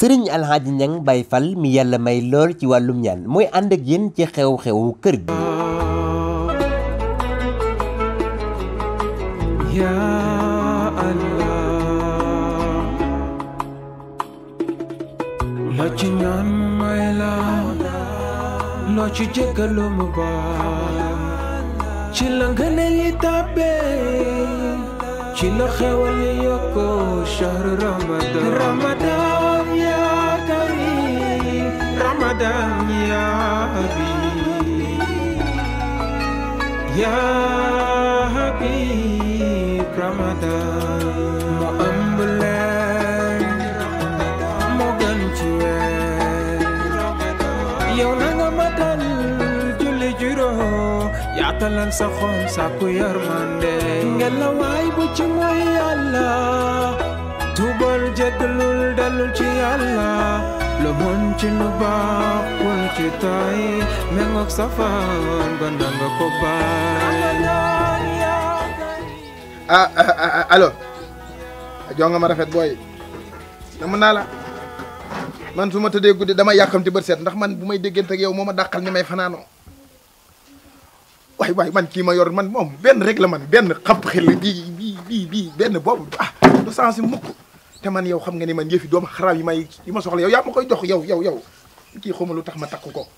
sëriñ alxaaji ñang bay fal mi yàlla may lool ci wàllum ñaan mooy ànd ak yéen ci xew-xewu kër gi loo ci ñaan may la loo ci jéggalu mu baal ci la ngëne yi tàbbee ci la xewal yi yokko shahr ramadan يا حبيب يا حبيب رمضان mu gën ci weer yow nga matal julli juróom yaatalal sa xol sàkku yërmande ngela waay bu ci mooy yàlla tubal jégalul dellu ci yàlla lu mën ci lu baax ci tay mengook safaan ba nanga ko baay ah, ah, ah, allo jonga ma rafet booy na mën naa la man su ma tëddee guddi dama yàkkamti bët seet ndax man bu may déggante ak yow moo ma dàqal ni may fanaanoo waay waay man kii ma yor man moom benn rek la man benn xab xel bii bii bii bii benn boobu ah du sens mukk te man yow xam nga ni man yëfi doomu xaraam yi may yi ma soxla yow yaa ma koy jox yow yow yow kii xawma lu tax ma takk ko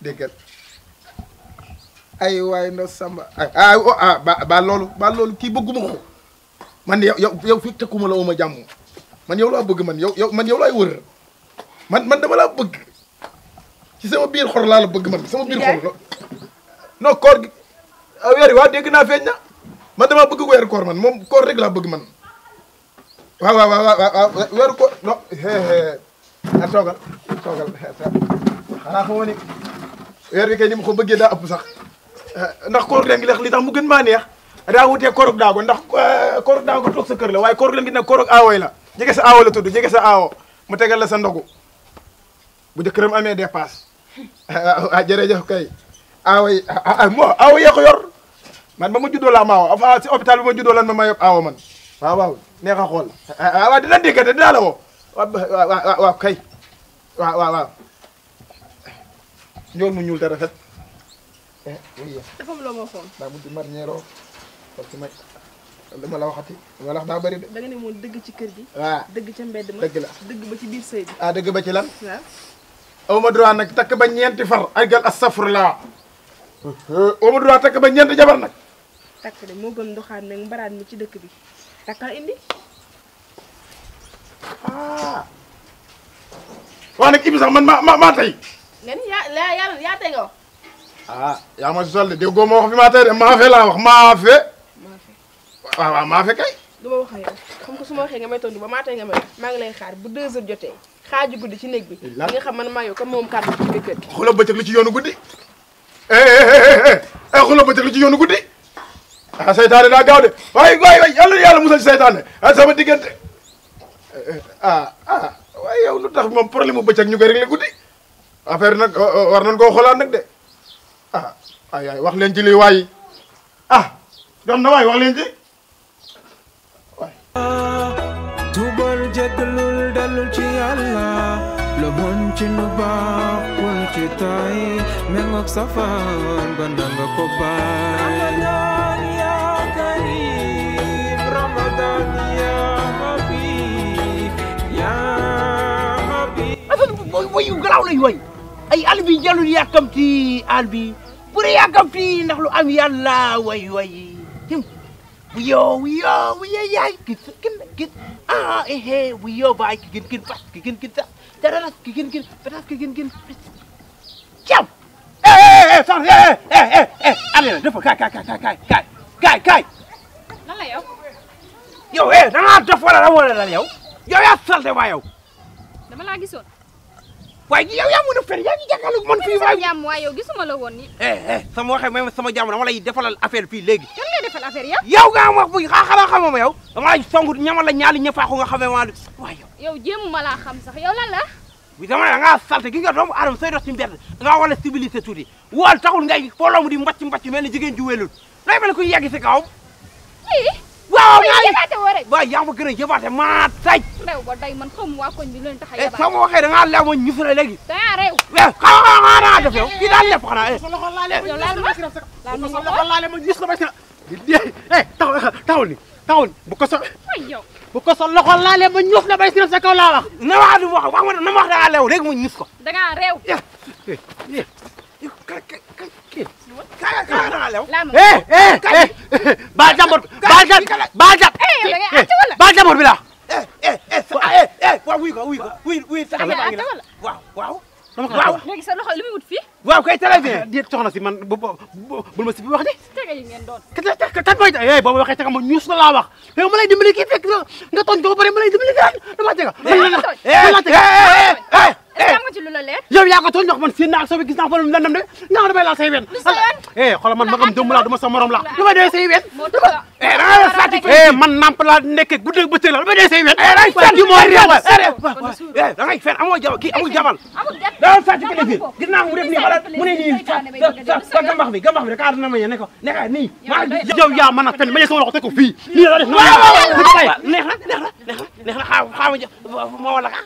déggal ay waaye ndaw samba ay oh, ah, ba ba loolu ba loolu kii bëgguma ko man yow yow yow fekk takkuma la woo ma jàmm man yow laa bëgg man yow yow man yow laay wër man man dama la bëgg ci sama biir xol laa bëgg man sama biir xol non koor gi ah, weer waa dégg naa feeñ na man dama bëgg weeru koor man moom koor rek laa bëgg man waaw waaw waaw waaw weeru koor non a ah, toogal toogal eh, xanaa xamoo ni weer wi kay ni mu ko bëggee daa ëpp sax eh, ndax koor leen gi li tax mu gën maa neex daa wutee koorog daago ndax eh, koorog daago toog sa kër la waaye koorog leen gi nag koorog aawoy la jege sa aawo la tudd jege sa aawo mu tegal la sa ndogu bu jëkkëram amee dépasse ah jërëjëf kay aawo yi ah, ah moo aawo yee ko yor man ba ma juddoo laa maawo afa ah, si hôpital bi ma juddoo lan ma ma yóbbu aawo man waaw waaw neex a xool ah waaw dina déggante dinaa la woo. waaw waaw kay waaw waaw waaw njool mu ñuul te rafet. Eh, dafa am loo ma foon. daa bëgg marñeeroo parce que may li la waxati li daa bëri da nga ne moom dëgg ci kër gi. dëgg ca mbedd ma dëgg la dëgg ba ci biir sëy bi. ah dëgg ba ci lan. waaw. aw ma nag takk ba ñeenti far ay gal astafurlaa. Uh-huh. aw ma droit takk ba ñeenti jabar nag. takk de moo gën doxaan nag mbaraat mi ci dëkk bi takkal indi. Ah. wax nag ibi sax man ma ma maa tey. nga ni yaa yaa yaa tey nga wax. ah yaa ma si sol de déggoo ma wax fi maa tey de maa fe laa wax maa kay. du ma wax ak yow comme que nga may tontu maa tey nga ngi lay xaar bu deux heures jotee guddi ci néeg bi. li nga xam man maa yow comme moom kàddu ci biir kër gi. xoolal bëccëg li ci yoonu guddi. Eh, eh, eh, xoolal bëccëg li ci yoonu guddi. Ah, seytaane daa gaaw de waaye waaye yàlla yàlla musal si seytaane ah, sama diggante. ah ah waaye yow lu tax moom problème mu bëccëg ñu koy réglé guddi affaire nag war nañ koo xoolaat nag de ah ay wax leen ci lii waay ah jom na waay wax leen ci waay tubal jégalul dalul ci yàlla lu mun ci nu baaxul ci tay mengoog safaan ba nanga ko baay mooy wayu garaaw lañ way ay àll bi jalul yàkkamti bi bu dee yàkkamti ndax way way tim bu yoo bu yoo bu yee yaay kin kin kin ah ehe eh, bu yoo baay ki gin kin fas ki gin kin sax tararas ki gin gin caw eh eh, eh, eh la dafa kaay la yow yow yaa salte waa yow waaye yow yaa mën a fen yaa ngi jàkkaarloog man fii waaye jàmm waaye yow gisuma la woon ni eh, eh sama waxee may sama jàmm dama lay defalal affaire fii léegi kan ngay defal affaire yow yow nga am wax bu xaa xamaa xama ma yow dama lay song ñama la ñaali ñëfaaxu nga xamee maa waaye yow yow jéem ma laa xam sax yow lan la bi dama da ngaa gi nga doomu aadama sooy dox ci mbedd nga war a civilisé tuuti wal taxul ngay foloomu di mbacc mbacc mel ni jigéen ju wéelul lay mel ku yegg si kawam waaw waaw yaa ma gën a yëbaate maa taj. réew ba day man xamu waa koñ bi leen tax a eh, yëbaate. sama waxee da ngaa lew ma ñu fële léegi. daa réew. mais xaw ma xaw ma def yow kii daal lépp xanaa. Eh. yow laal ma laal ma ko laal laal ma gis la ma si la. taxaw eh, taxawul ni taxawul bu ko so. yow bu ko so loxo laalee ma ñuuf la bay si sa kaw laa wax. na waa du wax wax ma na ma wax da ngaa lew léegi ma ñuuf ko. da ngaa réew. Eh, eh, eh, baal jàmbur baal jàmbur baal jàmbur bi la. waaw wuy ko wuy ko wuy wuy sa waaw waaw. waaw léegi sa loxo li muy wut fii. waaw kay très ah, di soxna si man bu ma si wax de. tege yi ngeen doon. kat kat mooy eh boo ma waxee tege ma ñuus la laa wax yow ma lay dimbali kii fekk nga tontu ba pare ma lay dimbali daan damaa tege. am nga ci lu la leer yow yaa ko tooñ ndax man seen naa sobi gis naa fa lu landam de nga xam damay laal say ween eh xoolal man magam dëmm laa du ma sa morom laa lu may eh, eh, dee say ween eh man namp laa nekk guddeeg bëccëg la lu may dee say ween eh sàcc mooy réew eh, eh da ngay fen amoo jabal kii amul jabal ko def gis naa mu def nii xoolal mu ne nii gambax bi gambax bi rek aar na ma ne ko nekk nii ma yow yaa mën a fen ma jël sama loxo teg ko fii nii la def neex na neex na neex na xaaw xaaw ma wala ka ah.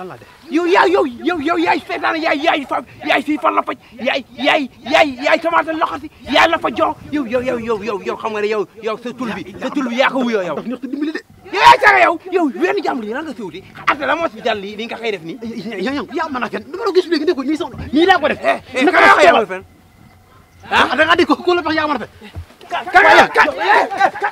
lan laa def yow yaa yow yow yow yaay seetaan yaay yaay fa yaay fii fan la fa yaay yaay yaay yaay tamaate loxati yaay la fa jox yow yow yow yow yow yow xam nga ne yow yow sa tul bi sa tul bi yaa ko wuyoo yow. ndax dimbali de. yaa sara yow yow wenn jàmbur yi lan nga siwuti arte la moos bi dal li li nga xëy a fen dama la gis léegi ko ñii sax ñii laa ko def. fen ah a ka ka ka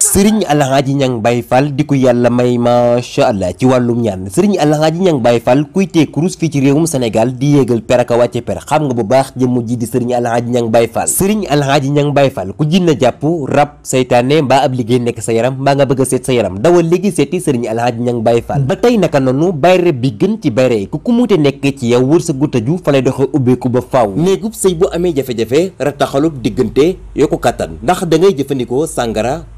sëriñ Alxaaji Ñang Baay Fall di ko yàlla may macha allah ci wàllum ñaan sëriñ Alxaaji Ñang Baay Fall kuy tee kurus fii ci réewum Sénégal di yéegal per ak a wàcce per xam nga bu baax jëmm ji di sëriñ Alxaaji Ñang Baay Fall sëriñ Alxaaji Ñang Baay Fall ku jinna jàpp rab saytaane mbaa ab liggéey nekk sa yaram mbaa nga bëgg a seet sa yaram dawal léegi seeti sëriñ Alxaaji Ñang bay Fall ba tey naka noonu bayre bi gën ci bayre yi ku ku nekk ci yow wër sa guttaju fa lay doxee ubbeeku ba faaw néegub sëy bu amee jafe-jafe diggante yokku kattan ndax da jëfandikoo sàngara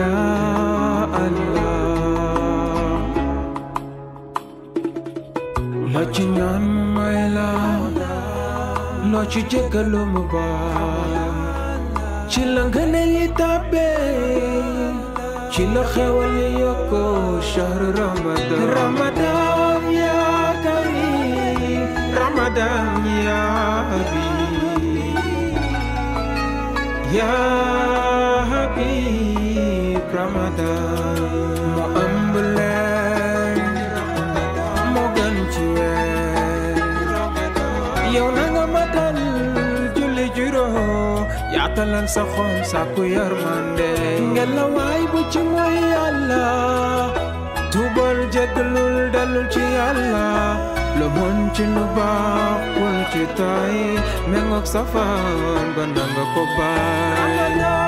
ya Allah loo ci ñaan may la ci jéggalu mu baal ci la ngëneel yi tàbbee ci la xewal yi shahru Ramadan ya karim Ramadan ya habib Ramadan moo ëmb leen moo gën ci weer yow nga matal julli juróom yaatalal sa xol sàkku yërmande ngelaw waay bu ci mooy yàlla tuubal jéggalul dellul lu mën ci lu baax bul ci tay méngoog safaan ba nanga ko baay